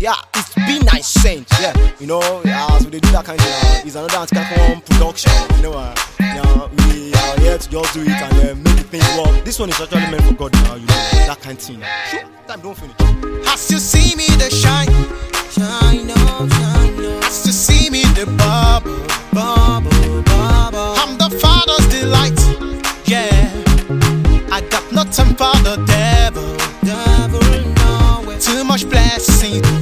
Yeah, it's been nice change. Yeah, you know, yeah, so they do that kind of uh, it's another anti production. You know, uh, yeah, we are here to just do it and uh, make things work. This one is actually meant for God now, you know, that kind of thing. Sure, time don't finish. Has you see me the shine, shine up, shine up. Has you see me the bubble, bubble, bubble. I'm the Father's delight. Yeah, I got nothing for the devil, devil. No Too much blessing.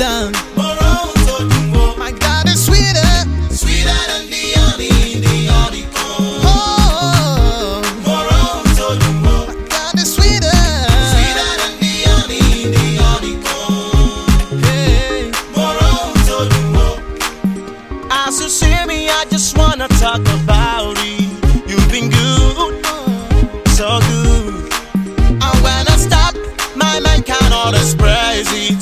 down. My God sweeter, sweeter than the oh. my God sweeter, sweeter than the Hey, as you see me, I just wanna talk about it. You've been good, so good, stop, my mind cannot express it.